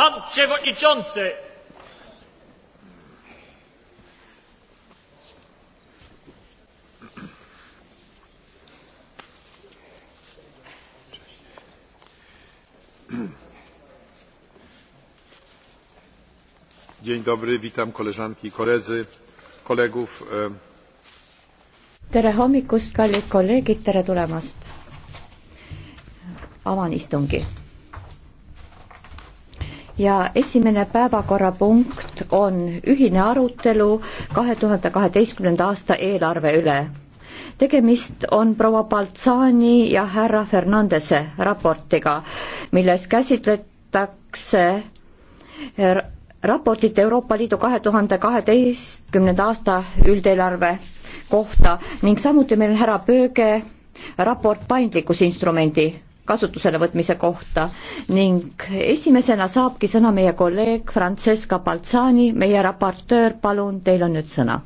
Pan przewodniczący! Dzień dobry, witam koleżanki i koledzy, kolegów. E, tere hommikust, kallid kolleegid, tere tulemast. Avan istungi ja esimene päevakorrapunkt on ühine arutelu kahe tuhande kaheteistkümnenda aasta eelarve üle. tegemist on proua Baltsani ja härra Fernandese raportiga, milles käsitletakse raportit Euroopa Liidu kahe tuhande kaheteistkümnenda aasta üldeelarve kohta ning samuti meil on härra Pööge raport paindlikkusinstrumendi kasutusele võtmise kohta ning esimesena saabki sõna meie kolleeg Francesca Balzani, meie raportöör, palun, teil on nüüd sõna.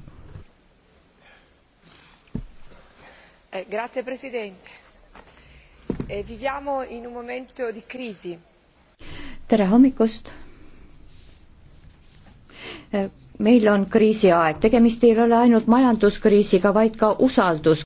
Eh, grazie Presidente. Eh, viviamo in un momento di crisi. tere hommikust eh, meil on kriisiaeg, tegemist ei ole ainult majanduskriisiga, vaid ka usaldus.